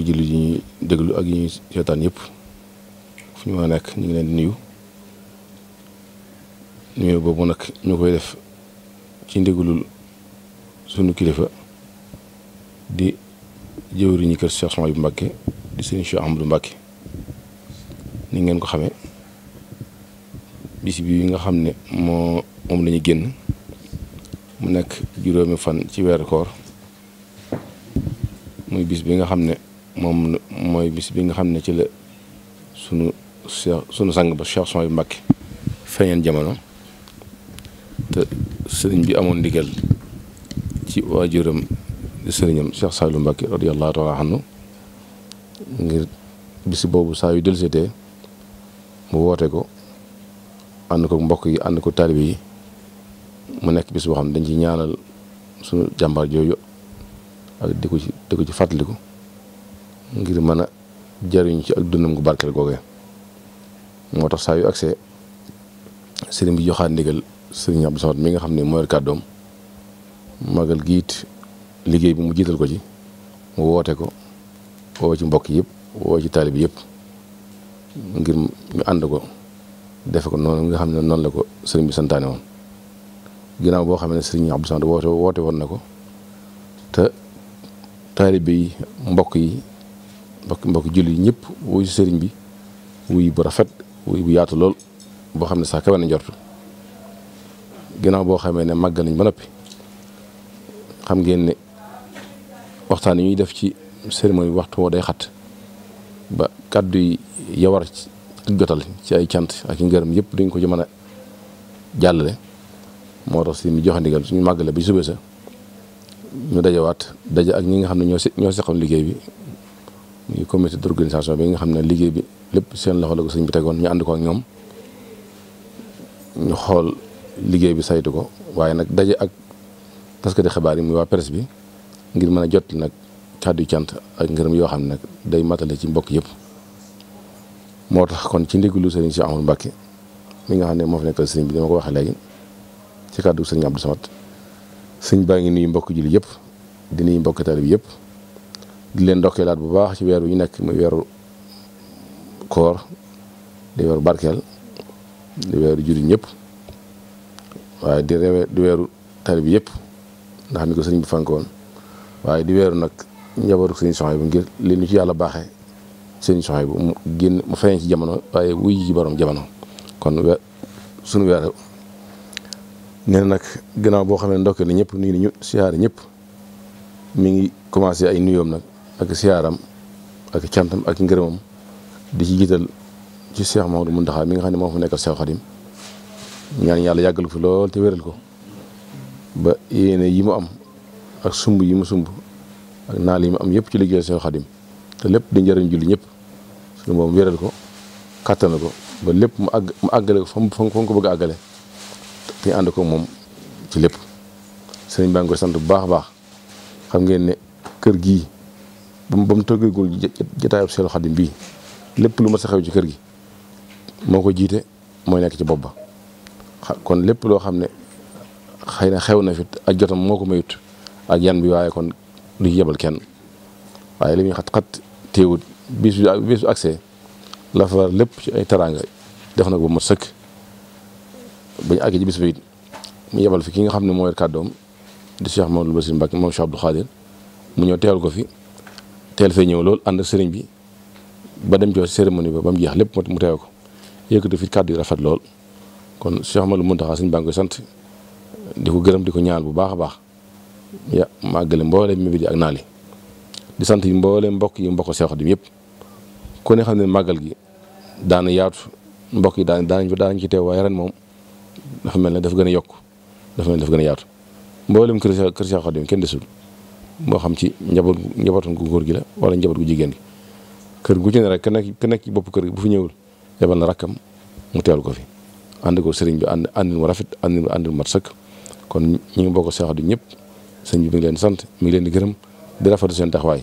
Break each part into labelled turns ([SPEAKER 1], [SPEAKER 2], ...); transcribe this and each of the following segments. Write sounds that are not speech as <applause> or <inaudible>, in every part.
[SPEAKER 1] mbokki jullit yi ñuy déglu ak yi ñuy seetaan yëpp fu ñu mën nekk ñu ngi leen di nuyu nuyu boobu nag ñu koy def ci ndigalul sunu kilifa di jëwriñu kër Cheikh yu Mbacké di sëriñ Cheikh Ahmadou Mbacké ni ngeen ko xamee bis bi nga xam ne moo moom lañu génn mu nekk juróomi fan ci weeru koor muy bis bi nga xam ne moom mooy bis bi nga xam ne ci la sunu cheikh sunu sang ba cheikh son yu Mbàkke feeñeen jamono te sëriñ bi amoon ndigal ci waajuram di sëriñam cheikh Saliou Mbàkke radiyallahu taala anhu ngir bis boobu saa yu mu woote ko ànd ko mbokk yi ànd ko taalibe yi mu nekk bis boo xam ne dañ ci ñaanal sunu jàmbaar jooju ak di ko ci di ko ci fàttaliku ngir mën a jariñ ci ak dundam gu barkeel googee moo tax saa yu agsee sëriñ bi joxaat ndigal sëriñ Abdou Samad mi nga xam ne mooy kàddoom magal giit liggéey bi mu jiital ko ci mu woote ko woo ci mbokk yëpp woo ci taalib yëpp ngir ñu ànd ko defe ko noonu nga xam ne noonu la ko sëriñ bi santaane woon ginnaaw boo xam ne sëriñ Abdou Samad woote woote woon na ko te taalib yi mbokk yi mbokk mbokk jullit ñëpp wuy sëriñ bi wuy bu rafet wuy bu yaatu lool boo xam ne sax kawe na njortu ginnaaw boo xamee ne màggal nañ ba noppi xam ngeen ne waxtaan yi ñuy def ci cérémonie mooy waxtu woo day xat ba kàddu yi yawar ak jotal ci ay cant ak ngërëm yëpp duñ ko ci mën a jàllale moo tax si ñu joxe ndigal suñu le bi subee sa ñu dajawaat daja ak ñi nga xam ne ñoo si ñoo si liggéey bi muy comité d'organisation bi nga xam ne liggéey bi lépp seen loxo la ko sëñ tegoon ñu ànd ko xool liggéey bi saytu ko waaye nag daje ak taskati xibaar yi muy waa presse bi ngir mën a jot nag kàddu cant ak ngërëm yoo xam ne nag day matale ci mbokk yëpp. moo tax kon ci ndigalu sëriñ si Amadou Mbacke mi nga xam ne moo fi nekkal sëriñ bi dama ko waxee léegi ci kàddu sëriñ Abdou Samad sëñ baa ngi nuyu mbokk julli yëpp di nuyu mbokk taalib yëpp. di leen ndokkeelaat bu baax ci weer wi ñu nekk muy weeru koor di weeru barkeel di weeru juriñ ñëpp waaye di rewe di weeru tali bi yëpp ndax ni ko sëriñ bi fànkoon waaye di weeru nag njabootu sëriñ soxay bu ngir li ñu ci yàlla baaxe sëriñ soxay bu mu génn mu feeñ ci jamono waaye wuy ci borom jamono kon we suñu weer nee nag gannaaw boo xam ne ndokkeel na ñëpp ñu ngi ñu siyaare ñëpp mu ngi commencé ay nuyoom nag ak siyaaram ak cantam ak ngërëmam di ci jiital ci Cheikh mun Mountakha mi nga xam ne moo fa nekkal Cheikh Khadim ñaan yàlla yàggal ko fi lool te wéral ko ba yéene yi mu am ak sumb yi mu sumb ak naal yi mu am yëpp ci liggéey Cheikh Khadim te lépp di njariñ julli ñëpp suñu moom wéral ko kàttan ko ba lépp mu àgg mu àggale ko fa bëgg a te ànd ko moom ci lépp sëriñ baa sant bu baax a baax xam nga ne kër gi ba mu ba mu tëggagul jotaayu Seexul Xadim bii lépp lu ma sa xew ci kër gi moo ko jiite mooy nekk ci bopp ba kon lépp loo xam ne xëy na xew na fit ak jotam moo ko mayut ak yan bi waaye kon du ci yebal kenn waaye li muy xat-xat teewut bis bi bis bu accès lépp ci ay teraanga def na ko ba mu sëkk ba ñu àgg ci bis bi it mu yebal fi ki nga xam ne moo yor kàddoom di Cheikh Mamadou si Mbacké moom Cheikh Abdou Khadir mu ñëw teewal ko fi. teel fee ñëw lool ànd ak sëriñ bi ba dem ci cérémonie ba ba mu jeex lépp mu teew ko yëkkati fi kàddu yu rafet lool kon Cheikh Amadou Mountakha suñu baa ngi koy sant di ko gërëm di ko ñaan bu baax a baax ya màggale mboolem mi di ak naal yi di sant yi mboolem mbokk yi mbokk Cheikh Khadim yëpp ku ne xam ne màggal gi daana yaatu mbokk yi daan daanañ daanañ ci teew waaye ren moom dafa mel ne dafa gën a yokk dafa mel ne dafa gën a yaatu mboolem kër Cheikh Khadim kenn desul moo xam ci njaboot njabootam gu góor gi la wala njaboot gu jigéen kër gu ci ne rek ka nekk ka nekk ci bopp kër gi bu fu ñëwul yebal na rakkam mu teewal ko fi ànd ko sëriñ bi ànd àndin mu rafet àndin àndin mat sëkk kon ñi bokk seexat ñëpp sëñ bi mi leen sant mu ngi leen di gërëm di rafetlu seen taxawaay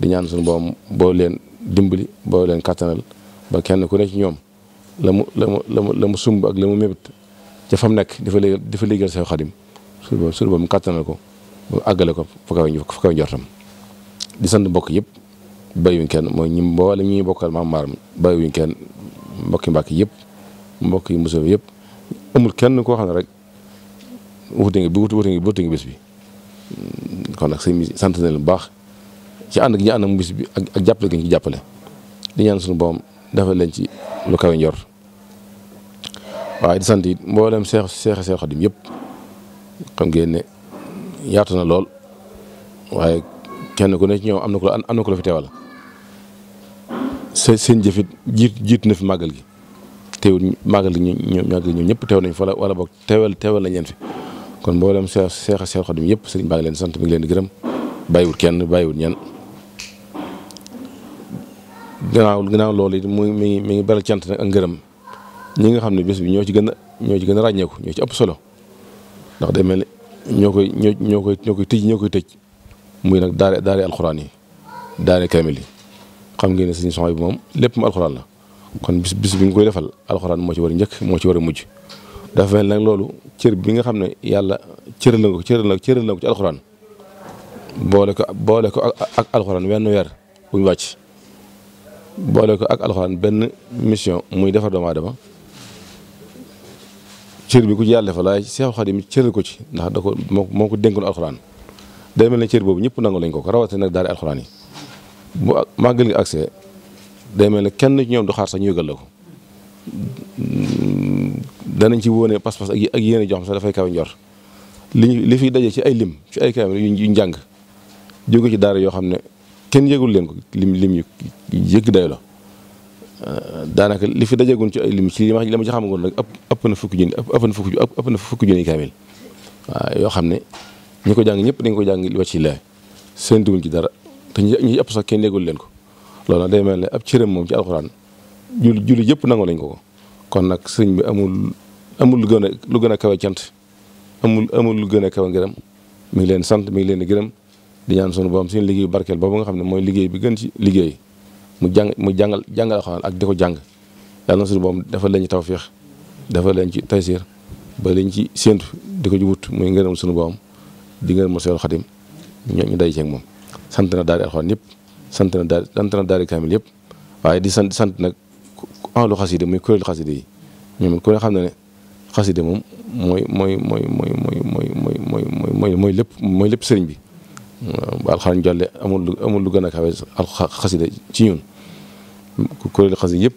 [SPEAKER 1] di ñaan suñu boom boo leen dimbali boo leen kattanal ba kenn ku ne ci ñoom la mu la mu la mu la mu sumb ak la mu mébét ca fam nekk dafa léegal dafa léegal Seex Xaadim suñu boom suñu boom ko ba àggale ko fa kaw ñu fa kaw njortam di sant mbokk yëpp bàyyiwuñ kenn mooy ñi mboolem ñi bokkal maam bay bàyyiwuñ kenn mbokki mbàkk yépp mbokk yi musoo yëpp amul kenn ko xam ne rek wuute nga bi wuute wuute nga bi kon nag sëñ bi sant na leen baax ci ànd gi ñu ànd ak bi ak ak jàppale gi ñu jàppale di ñaan suñu boom defal leen ci lu kawe njor waaye di sant it mboolem seex seex seex xadim yëpp xam ngeen ne yaatu na lool waaye kenn ku ne ci ñoom am na ko la am na ko la fi teewal seen jëfit jiit jiitu na fi màggal gi teewul màggal gi ñoom màggal gi ñëpp teew nañ fa wala boog teewal teewal nañ leen fi kon mboolem seex seex seex Xaadim yëpp sëriñ baa ngi leen sant mi ngi leen di gërëm bàyyiwul kenn bàyyiwul ñenn gannaaw gannaaw loolu it mu mi ngi mi ngi beral cant nag ak gërëm ñi nga xam ne bés bi ñoo ci gën a ñoo ci gën a ràññeeku ñoo ci ëpp solo ndax day ñoo koy ñoo ñoo koy ñoo koy tëj ñoo koy tëj muy nag daare daare alxuraan yi daare kaamil yi xam ngeen ne suñu soxna bi moom lépp mu alxuraan la kon bis bis bi nga koy defal alxuraan moo ci war njëkk moo ci war a mujj dafa mel nag loolu cër bi nga xam ne yàlla cëral na ko cëral na cëral na ko ci alxuraan boole ko boole ko ak alxuraan wenn weer bu wàcc boole ko ak alxuraan benn mission muy defar doomu aadama cër bi ku ci yàlla defal waaye Seexu Xaadim cëral ko ci ndax da ko moo ko dénkoon alxuraan day mel ne cër boobu ñëpp nangu lañ ko ko rawatina nag daara alxuraan yi bu màggal gi accès day mel ne kenn ci ñoom du xaar sax ñu yëgal la ko danañ ci wóone pas-pas ak ak yéene joo xam sax dafay kawe njor li li fiy daje ci ay lim ci ay kaamil yu njàng jóge ci daara yoo xam ne kenn yëgul leen ko lim lim yu yëgg la daanaka li fi dajeegoon ci ay lim ci li ma la ma ci xamagoon rek ëpp ëpp na fukki junni ëpp na fukki ëpp na fukki junni kaamil waaw yoo xam ne ñu ko jàng ñëpp dañ ko jàng li wàcci laay seen duwuñ ci dara te ñi ëpp sax kenn déggul leen ko loolu day mel ne ab cëram moom ci alxuraan julli julli yëpp nangoo lañ ko kon nag sëñ bi amul amul lu gën a lu gën a kawe cant amul amul lu gën a kawe ngërëm mi leen sant mi ngi leen gërëm di ñaan sunu borom seen liggéey barkeel boobu nga xam ne mooy liggéey bi gën ci liggéey mu jàng mu jàngal jàngal alxuraan ak di ko jàng yàlla na boom defal leen ci tawféex defal leen ci taysiir ba lañ ci séentu di ko jubut muy ngërëm suñu boom di ngërëm ma Seexul Xadim ñoo ñu day ceeg moom sant na daari alxuraan yëpp sant na daari sant na daari kaamil yëpp waaye di sant sant nag ahlu xasida muy kuréelu xasida yi ñoom ku ne xam na ne xasida moom mooy mooy mooy mooy mooy mooy mooy mooy mooy lépp mooy lépp sëriñ bi ba alxuraan jolle amul lu amul lu gën a kawe xasida ci ñun kuréelu xasida yëpp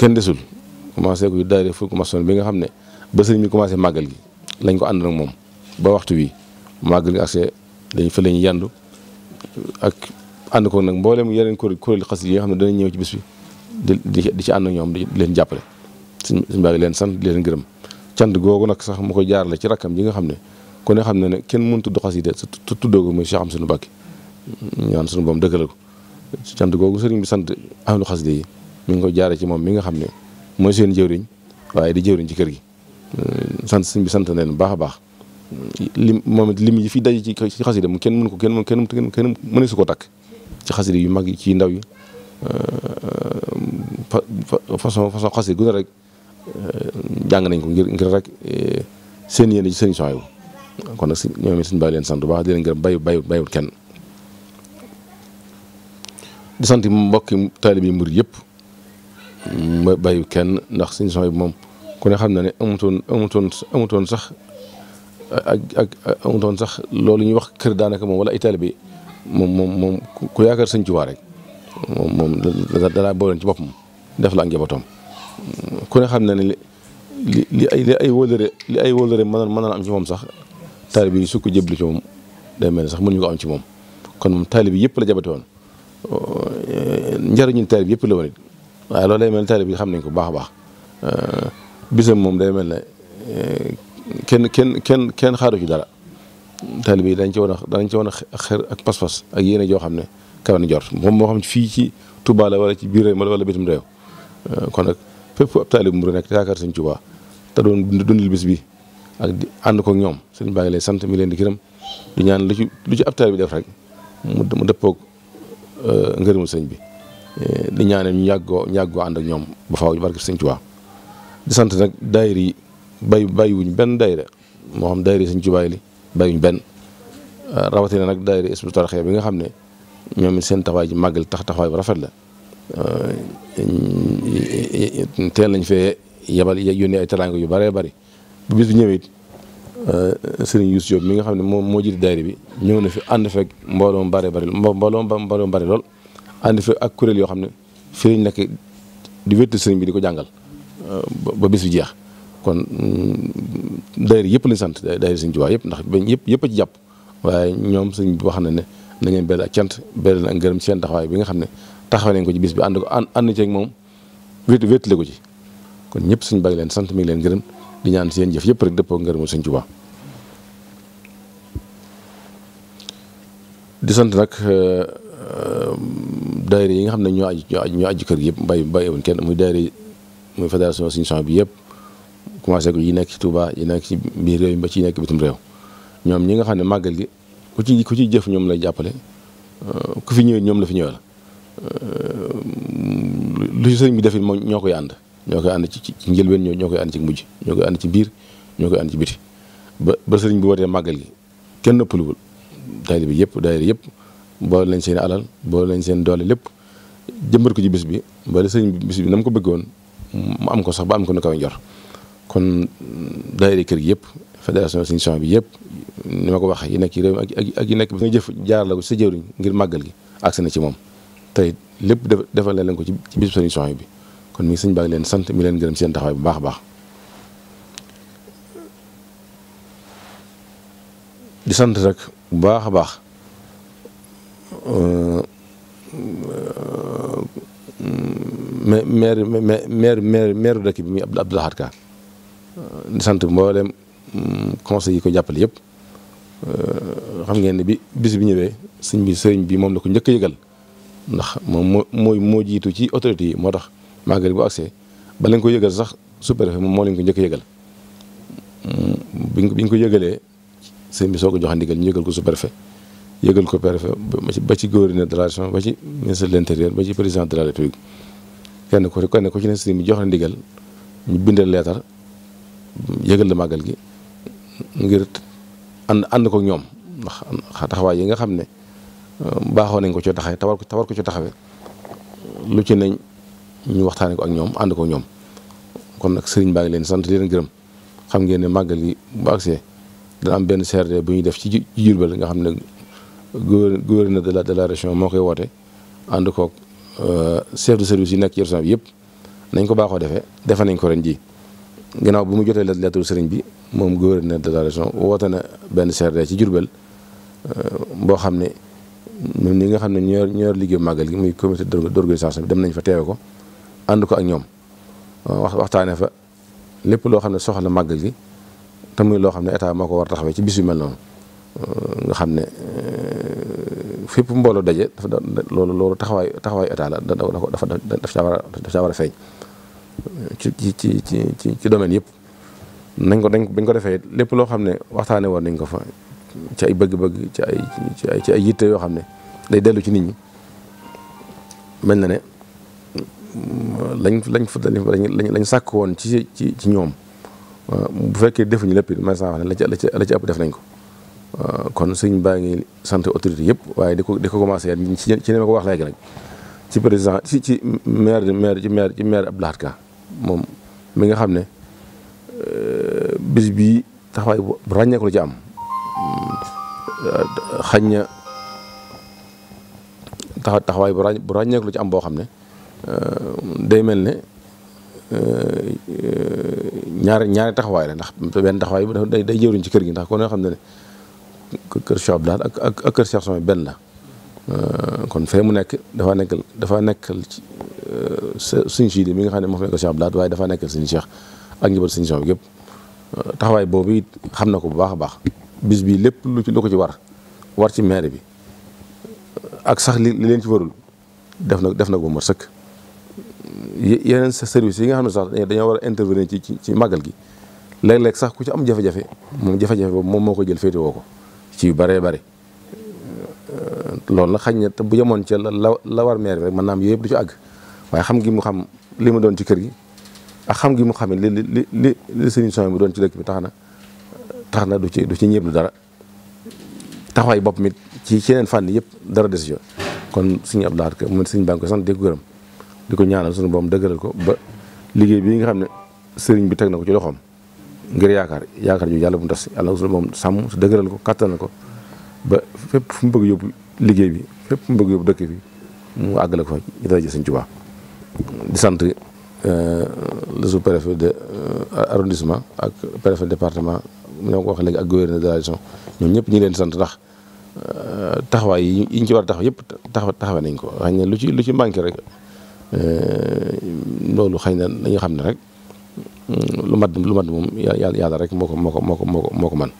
[SPEAKER 1] kenn desul commencé ko yu daayira Fulku Masoon bi nga xam ne ba sëriñ bi commencé màggal gi lañ ko ànd ak moom ba waxtu wi màggal gi accès dañ fa lañ yandu ak ànd ko nag mboolem yeneen kuréel kuréelu xasida yi nga xam ne danañ ñëw ci bis bi di di ci ànd ñoom di leen jàppale suñ suñ baa leen sant di leen gërëm cant googu nag sax mu ko jaarale ci rakkam yi nga xam ne ku ne xam na ne kenn mënut tudd xasida te tuddoo ko muy Cheikh Ahmadou sunu Mbàkke ñaan sunu boom dëggal ko sant googu sëriñ bi sant ahlu xasida yi mi ngi ko jaare ci moom mi nga xam ne mooy seen jëwriñ waaye di jëwriñ ci kër gi sant sëriñ bi sant nañu baax a baax lim moom it lim yi fi daje ci ci xasida mu kenn mënu ko kenn mënu kenn mënu kenn mënu su ko takk ci xasida yu mag yi ci ndaw yi euh, façon façon xasida gu ne rek euh, jàng nañ ko ngir ngir rek euh, seen yéene ci sëriñ Souhaïbou kon nag si ñoom it suñu bàyyi leen sant bu baax di leen gërëm bayu bayu bayut kenn di sant mbokki taalib yi mbir yëpp bayu kenn ndax suñu son bi moom ku xam na ne amutoon amutoon amutoon sax ak ak amutoon sax loolu ñuy wax kër daanaka moom wala ay taalib yi moom moom moom ku yaakaar sëñ Tuubaa rek moom moom dalaa booleen ci boppam def la ak njabootam xam na ne li li ay li ay wóllëre li ay wóllëre mënoon mënoon am ci moom sax taalibe yi su ko jëblu day mel ne sax ñu ko am ci moom kon moom taalibe yëpp la jabate woon njariñu taalibe yëpp la woon it waaye loolu day mel ne taalibe yi xam nañ ko baax baax bisam moom day mel ne kenn kenn kenn kenn xaaru ci dara taalibe yi dañ ci woon a dañ ci woon a xer ak pas-pas ak yéene joo xam ne kawe na jort moom moo xam fii ci Touba wala ci biir réew wala bitim réew kon nag fépp ab taalibe mu nekk yaakaar Sëñ Tuubaa te doon dundil bis bi ak di ànd ko ñoom sëriñ baa lay sant mi leen di gërëm di ñaan lu ci lu ci ab bi def rek mu dëppoog euh, ngërëmu sëñ bi eh, di ñaanal ñu yàggoo yàggoo ànd sëñ Tuubaa sant nag daayira yi bay bàyyiwuñ benn daayira moo xam sëñ Tuubaa li bàyyiwuñ benn euh, rawatina nag daayira Hizbut bi nga xam ne ñoom seen taxawaay ji màggal tax taxawaay bu rafet la euh, teel lañ fee yebal yónnee ay teraanga yu bëree bari bu bis bi ñëwee it euh, sëriñ Youssou Diop mi nga xam ne moom moo jiite daayira bi ñëw na fi ànd fekk mbooloo mu bare bari mbooloo mbooloo mu bari lool ànd fekk ak kuréel yoo xam ne fii lañ nekk di wéttu sëriñ bi di ko jàngal euh, ba bis bi jeex kon mm, daayira yëpp lañ sant daayira sëriñ Tuubaa yëpp ndax bañ yëpp yëpp a ci jàpp ñoom sëriñ bi wax na ne na ngeen bel cant bel ak ngërëm seen taxawaay bi nga xam ne taxaw nañ ko ci bis bi ànd ko ànd ànd ceeg moom wétu wéttale ko ci kon ñëpp sëriñ baa leen sant mi ngi leen gërëm di ñaan seen jëf yëpp rek dëppoo ngërëmu Sëñ Tuubaa di sant nag euh, daayira yi nga xam ne ñoo aju ñoo aju kër gi yëpp bàyyi bàyyiwuñ kenn muy daayira muy fédération Sëñ Sam bi yëpp commencé ko yi nekk ci Touba yi nekk ci biir réew mi ba ci nekk bitim réew ñoom ñi nga xam ne màggal gi ku ci ku ci jëf ñoom lay jàppale euh, ku fi ñëwee ñoom la fi ñëwee euh, la lu sëñ bi def it moom ñoo koy ànd ñoo koy ànd ci ci njëlbeen ñoo ñoo koy ànd ci mujj ñoo koy ànd ci biir ñoo koy ànd ci biti ba ba sëriñ bi wootee màggal gi kenn nëppaluwul daayira bi yëpp daayira yëpp boole lañ seen alal boole lañ seen doole lépp jëmbat ko ci bis bi ba la bi bis bi na mu ko bëggoon mu am ko sax ba am ko nu kaw njor kon daayira kër gi yëpp fédération Sëriñ Souhaïbou bi yëpp ni ma wax waxee yi nekk ci ak ak yi bi nga jëf jaar la ko sa jëwriñ ngir màggal gi agsi na ci moom tey lépp defal leen ko ci bis Sëriñ Souhaïbou bi kon mi ngi sëñ baa leen sant mi leen gërëm seen taxawaay bu baax a baax di sant rek bu baax a baax euh, euh, maire maire maire maire dëkk bi muy Abdou Lahad Ka euh, di sant mboolem mm, conseil yi ko jàppale yëpp xam ngeen ne bi bis bi ñëwee sëñ bi sëriñ bi moom la ko njëkk a yëgal ndax moom moo mooy moo jiitu ci autorité yi moo tax màggal bu agsee ba lañ ko yëgal sax sous-préfet moom moo leen ko njëkk yëgal mm, bi ko biñ ko yëgalee sëñ bi soo ko joxe ndigal ñu yëgal ko superfet préfet yëgal ko préfet ba ci gouverneur de la ba ci ministre de l'intérieur ba ci président de la république kenn ku kenn ku ci ne sëñ bi jox na ndigal ñu bindal leetar yëgal la màggal gi ngir ànd ànd ko ñoom ndax taxawaay yi nga xam ne baaxoo nañ ko ci taxawee tawar ko tawar ko ci taxawee lu ci nañ ñu waxtaanee ko ak ñoom ànd ko ñoom kon nag sëriñ baa ngi leen sant leen gërëm xam ngeen ne màggal gi bu agsee dana am benn CRD bu ñu def ci ci Jurbel nga xam ne gouverneur de la de la région moo koy woote ànd koog euh, chef de service yi nekk ci yëpp nañ ko baaxoo defee defe nañ ko ren ji ginnaaw bu mu jotee lettre sëriñ bi moom gouverneur de la région woote na benn CRD ci Jurbel euh, boo xam ne ñun ñi nga xam ne ñoo ñoo liggéey màggal gi muy comité d'organisation bi dem nañ fa teewe ko ànd ko ak ñoom euh, wax waxtaanee fa lépp loo xam ne soxla màggal gi te muy loo xam ne état moo ko war a taxawee ci bis yu mel noonu euh, nga xam ne euh, fépp mbooloo daje dafa loolu loolu taxawaayu taxawaayu état la dafa daf caa war a war a feeñ ci ci ci ci ci domaine yëpp. nañ ko dañ bañ ko defee lépp loo xam ne waxtaanee woon nañ ko fa ci ay bëgg-bëgg ci ay ci ay ci ay yitte yoo xam ne day dellu ci nit ñi mel na ne. lañ lañ fa lañ lañ sàkk woon ci ci ci ñoom euh, bu fekkee defuñu lépp it may la ci la ci la ci ëpp def nañ ko euh, kon sëñ baa ngi sant autorité yëpp waaye di ko di ko commencé ci ci ne ma ko wax léegi nag ci président ci ci maire maire ci maire ci maire Abdou Lahad Ka moom mi nga xam ne euh, bis bii taxawaay bu ràññeeku la ci am xañ na taxawaay bu ràññeeku la ci am boo xam ne Euh, day mel ne euh, ñaari ñaari taxawaay la ndax benn taxawaay bi day jëwriñ ci kër gi ndax kon xam ne ne kër Cheikh Abdou ak ak kër Cheikh Soumé benn la euh, kon fee mu nekk dafa nekk dafa nekkal ci suñ siidi mi nga xam ne moo fi nekkal Cheikh Abdou Lahad waaye dafa nekkal suñu Cheikh ak njëbal suñu Cheikh yëpp taxawaay boobu it xam na ko bu baax a baax bis bii lépp lu ci lu ci war war ci maire bi ak sax li leen ci warul def na def na ko ba mu sëkk yeneen sa service yi nga xam ne sax dañoo war a intervenir ci ci ci màggal gi léeg-léeg sax ku ci am jafe-jafe moom jafe-jafe boobu moom moo ko jël ko ci yu bëree bëri euh, loolu nag xañ te bu yemoon ca la la war maire rek mën am yooyu du ci àgg waaye xam gi mu xam li mu doon ci kër gi xam gi mu xam li li li li bi doon ci dëkk bi tax tax na du ci du ci ñëpp dara taxawaay bopp mi ci yeneen fànn yëpp dara décision kon suñu Abdou Lahad Ka moom suñu baa ngi koy sant gërëm di ko ñaanal sunu boom dëgëral ko ba liggéey bii nga xam ne sëriñ bi teg na ko ci loxoom ngir yaakaar yaakaar ju yàlla bu mu tas yàlla sunu boom sàmm su dëgëral ko kattanal ko ba fépp fu mu bëgg yóbbu liggéey bi fépp fu mu bëgg yóbbu dëkk bi mu àggale ko fa ñu dara ji sëñ Tuubaa di sant euh, le sous-préfet de euh, arrondissement ak préfet département ñoo ko wax ak gouverneur de la région ñoom ñëpp ñi leen sant ndax euh, taxawaay yi ñu ci war a yëpp taxaw taxawe nañ ko lu ci lu ci manqué rek Euh, loolu xëy na dañu xam ne rek lu mat lu mat moom yàlla yàlla rek moo ko moo ko moo ko moo ko moo ko man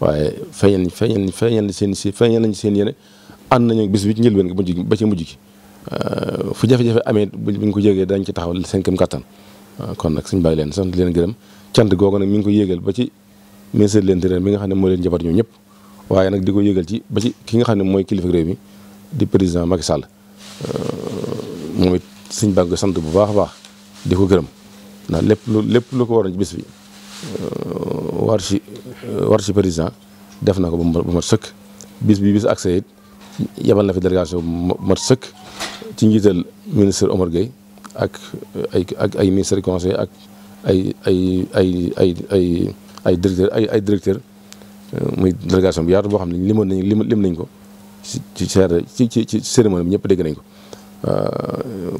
[SPEAKER 1] waaye feeñal feeñal feeñal seen si feeñal nañ seen yéene ànd nañu bis bi ci njëlbeen gi mujj ba ci mujj gi euh, fu jafe-jafe amee buñ ko yéegee dañ ci taxaw seen këm kattan euh, kon nag suñ bàyyi leen sant leen gërëm cant googu nag mi ngi ko yéegal ba ci ministère de mi nga xam ne moo leen jabar ñoom ñëpp waaye nag di ko yéegal ci ba ci ki nga xam ne mooy kilifa réew mi di président Macky Sall moom it sëñ baa sant bu baax a baax di ko gërëm ndax lépp lu lépp lu ko waroon ci bis bi euh, euh, war ci président def na ko ba mat sëkk bis bi bis accès it yebal na fi délégation bu mat sëkk ci njiital ministre Omar Gueye ak ay ak ay ministre conseil ak ay ay ay ay ay ay directeur ay ay directeur euh, muy délégation bi yaatu boo xam ne limoon nañ lim nañ ko ci ci ci ci cérémonie bi ñëpp dégg nañ ko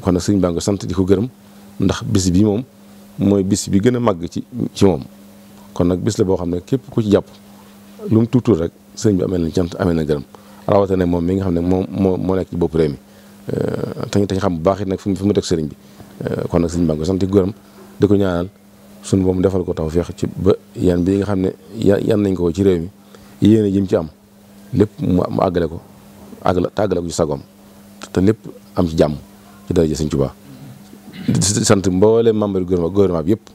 [SPEAKER 1] kon nag sëriñ baa ngi sant di ko gërëm ndax bis bi moom mooy bis bi gën a màgg ci ci moom kon nag bis boo xam ne képp ku ci jàpp lu mu tuutul rek sëriñ bi amee na cant amee na gërëm rawatina moom mi nga xam ne moom moo moo nekk bopp réew mi tañ euh, tañ xam bu baax it nag fi mu fi mu teg sëriñ bi euh, kon nag sëriñ baa ngi ko sant di ko gërëm di ko ñaanal defal ko tawfeex ci ba yan bi nga xam ne yan nañ ko ci réew mi yéen a jëm ci am lépp mu àggale ko àggale tàggale ko ci sagoom te lépp am ci jàmm ci daraja Sëñ Tuubaa di sant mboolem membre gouvernement bi yëpp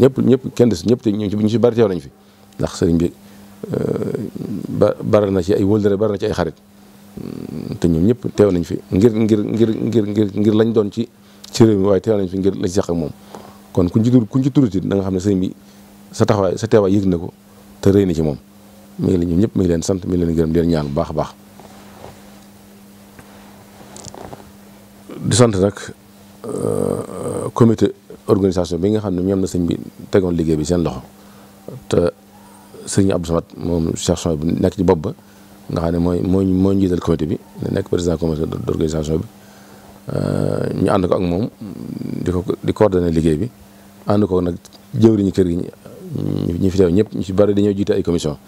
[SPEAKER 1] ñëpp ñëpp kenn des ñëpp te ñu ci bari teew nañ fi ndax sëriñ bi euh, ba bari na ci ay wëllëre bari na ci ay xarit te ñoom ñëpp teew nañ fi ngir ngir ngir ngir ngir ngir lañ doon ci ci réew mi waaye teew nañ fi ngir lañ sax ak moom kon kuñ ci tur kuñ ci turuti da nga xam ne sëriñ bi sa taxawaay sa teewaay yëg na ko te rëy na ci moom mi ngi leen ñoom ñëpp mi ngi leen sant mi ngi leen gërëm di leen ñaan bu baax a baax di sant nag euh, comité organisation bi nga xam ne ñoom na sëñ bi tegoon liggéey bi seen loxo te sëñ ab Samad moom section bi nekk ci bopp ba nga xam ne mooy mooy mooy njiital comité bi nekk président comité d' organisation bi euh, ñu ànd ak moom di ko di coordonné liggéey bi ànd ko nag jëwriñu kër gi ñi fi ñëpp ñu ci bari dañoo jiite ay commission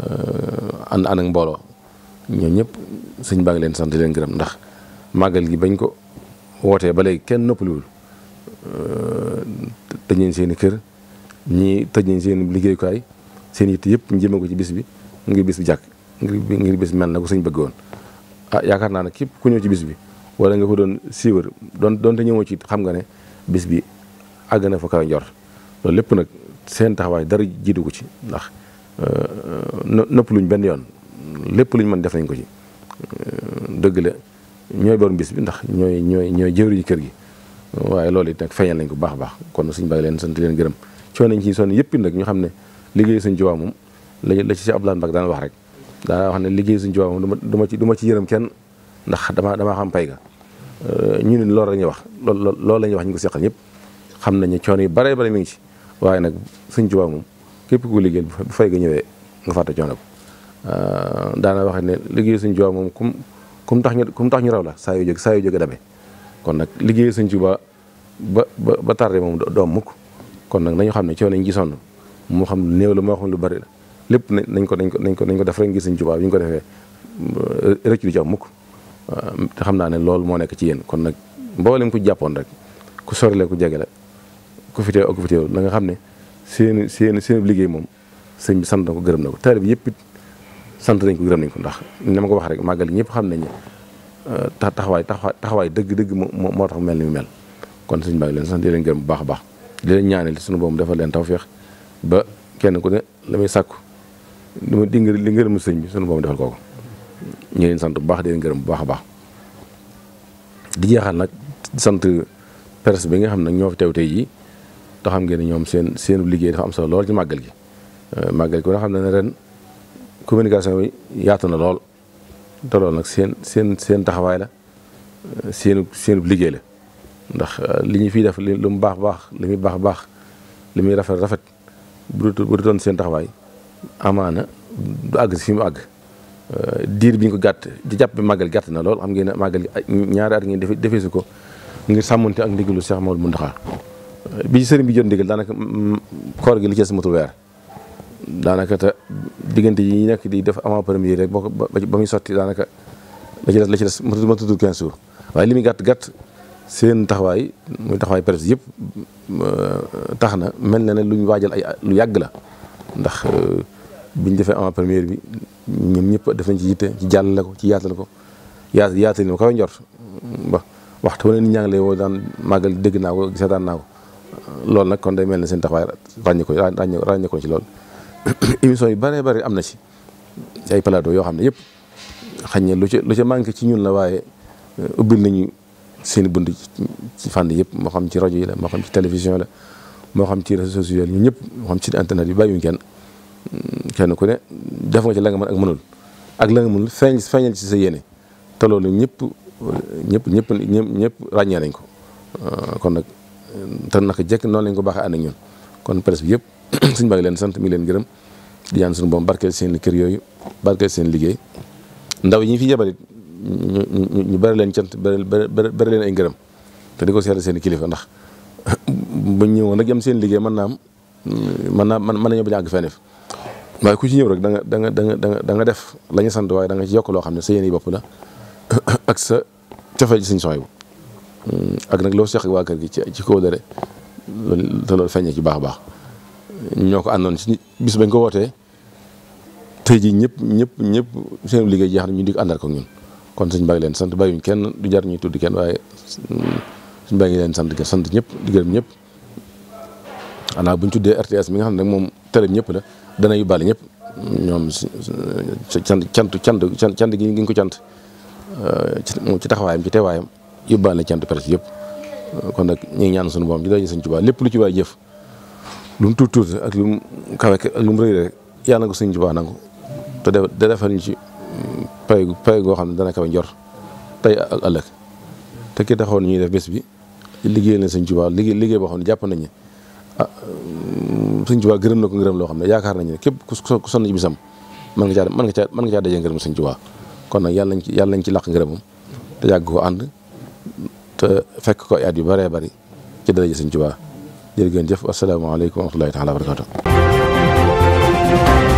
[SPEAKER 1] euh, ànd ànd ak mbooloo ñoo ñëpp sëñ baa leen sant leen gërëm ndax màggal gi bañ ko wootee ba léegi kenn noppaliwul euh, tëj nañ seen kër ñii tëj nañ seen liggéeyukaay seen yitte yëpp ñu ko ci bis bi ngir bis bi jàkk ngir ngir bis mel na ko sëñ bëgg ah yaakaar naa ne képp ku ñëw ci bis bi wala nga ko doon doon doonte ñëwoo ci xam nga ne bis bi àgg na fa lépp nag seen taxawaay dara jiitu ko ci ndax euh, nëpp luñ benn yoon lépp luñ mën def nañ ko ci euh, dëgg la ñooy borom bis bi ndax ñooy ñooy ñooy jëwriñu kër gi waaye loolu it nag feeñal nañ ko baax baax kon suñ bàyyi leen sant leen gërëm coono nañ ci sonn yëpp nag ñu xam ne liggéey suñ jowaa moom la la ci si wax rek daa wax ne liggéey suñ jowaa moom duma ci du ma ci yërëm kenn ndax dama damaa xam pay ga euh, ñu ne lool la ñuy wax lool loolu la ñuy wax ñu ngi seqal ñëpp xam nañ ne coono yu bare bare mi ngi ci waaye nag suñ jowaa moom képp ku liggéey bu fay ga ñëwee nga fàtte coono ko euh, daana wax ne liggéey suñ jowaa moom kum tax ñu kum tax raw la saa yu jóg saa yu dabe kon nag liggéey sëñ Tuubaa ba ba ba tardé moom doom mukk kon nag nañu xam ne coono ñu gisoon moo xam lu néew la moo lu bari la lépp nañ ko nañ ko nañ ko nañ ko def rek ngir sëñ Tuubaa bi ko defee euh, rëcc du ci am euh, te xam naa ne loolu moo nekk ci yéen kon nag mboolem ku jàppoon rek ku sori ku jege la ku fi teew ak na nga xam ne seen seen seen liggéey moom sëñ bi sant ko gërëm na ko taalibe bi yëpp sant nañ ko gërëm nañ ko ndax ni ma ko wax rek màggal ñëpp xam ñu euh, tax taxawaay taxawaay dëgg-dëgg moo tax mel ni mu mel kon sëñ baa leen sant di leen bu baax a baax di leen ñaanal suñu boom defal leen tawféex ba kenn ku ne la muy sàkku li ma dégg li ngërëm sëñ bi suñu boom defal kooku ñu leen sant bu baax di gërëm bu baax a baax di jeexal nag sant presse bi nga xam ne ñoo fi teew tey jii te xam ngeen ne ñoom seen seen liggéey dafa am solo lool ci màggal gi euh, màggal gi nga xam ne ren. communication bi yaatu na lool te nag seen seen seen taxawaay la seen seen liggéey la ndax euh, li ñuy fiy def lu mu baax baax li muy baax baax li muy rafet rafet bu bu toon seen taxawaay amaana du àgg si fi mu àgg euh, diir bi ñu ko gàtt di jàpp bi màggal gàtt na lool xam ngeen ne màggal ñaari at ngeen defee defee su ko ngir sàmmante ak seex Cheikh Maodo Mountakha euh, bi sëriñ bi jot ndigal daanaka koor gi li ci des matul weer daanaka ta diggante yi ñu nekk di def avant premier rek boo ko ba muy sotti daanaka la ci des la ci des ma tudd 15 jours waaye li muy gàtt gàtt seen taxawaay muy taxawaay presse yëpp euh, tax na mel na ne lu ñu waajal ay lu yàgg la ndax euh, biñ defee avant première bi ñoom ñëpp def nañ ci yitte ci jàllale ko ci yaatal ko yaat yaatal ma kaw njort ba waxtu wane ni ñaa ngi lay woo daan màggal dëgg naa ko seetaan naa ko loolu nag kon day mel ne seen taxawaay ràññee ko ràññee ko ci lool <clears throat> émission yu bëree bëri am na ci ay palaato yoo xam ne yëpp xañ lu ci lu ca manqué ci ñun la waaye euh, ubbil nañu seen bunt ci fànn yëpp moo xam ci rajo yi la moo xam ci télévision la moo xam ci réseaux sociaux ñëpp moo xam ci internet yi bàyyiwuñ kenn mm, kenn ku ne def nga ci la nga mënul ak la nga mënul feeñ feeñal sa yéene te loolu ñëpp ñëpp ñëpp ñëpp ràññee nañ ko euh, kon nag te naka jekk noonu lañ ko baaxee ànd ak ñun kon presse yëpp. suñu <clears throat> baa leen sant mi leen gërëm di ñaan suñu boom barkeel seeni kër yooyu barkeel seen liggéey ndaw yi ñu fi yebal ñu bari leen cant bari bari leen ay ngërëm te di ko seetal seen kilifa ndax <clears throat> bu ñëwoon rek yam seen liggéey man naa am mën naa mën nañoo bañ a àgg fenn fi waaye ku ci ñëw rek danga nga da nga da def lañu sant waaye da nga ci yokk loo xam ne sa yéen yi bopp la <clears throat> ak sa cofeel ci suñu sooy bu mm, ak nag loo seq waa kër gi ci ci kóolare loolu te loolu feeñee ci baax baax. ñoo ko àndoon si bis bañ ko wootee tey jii ñëpp ñëpp ñëpp seen liggéey jeex na ñu di ko àndal ko ñun kon suñ bàyyi leen sant bàyyiwuñ kenn du jar ñuy tudd kenn waaye suñ bàyyi leen sant gë sant ñëpp di ñëpp xanaa bu ñu tuddee RTS mi nga xam ne nag moom télé ñëpp la dana yóbbaale ñëpp ñoom cant cant cant cant gi ngi ko cant moom ci taxawaayam ci teewaayam yóbbaale cant presse yëpp kon nag ñu ñaan sunu boom ci daje sëñ Tuubaa lépp lu ci waay jëf lu mu tuuti ak lu mu kawe ak mu rëy rek yàlla na ko sëñ Tuubaa nangu te da defal ñu ci mm, pay pay goo xam ne dana kawe njor tey a ëllëg te ki taxoon ñuy def bés bi liggéeyal na sëñ Tuubaa liggéey liggéey boo xam ne jàpp nañ ne ah mm, sëñ Tuubaa gërëm na ko ngërëm loo xam ne yaakaar nañ ne képp ku sonn ci bisam mën nga caa man nga caa mën nga caa dajee ngërëm sëñ Tuubaa kon nag yàlla nañ ci yàlla nañ ci làq ngërëmam te yàgg ko ànd te fekk ko ay at yu bëree bëri ci daraja sëñ Tuubaa jërë ngeen jëf asalaamaaleykum wa rahmatulahi taala wa barakatu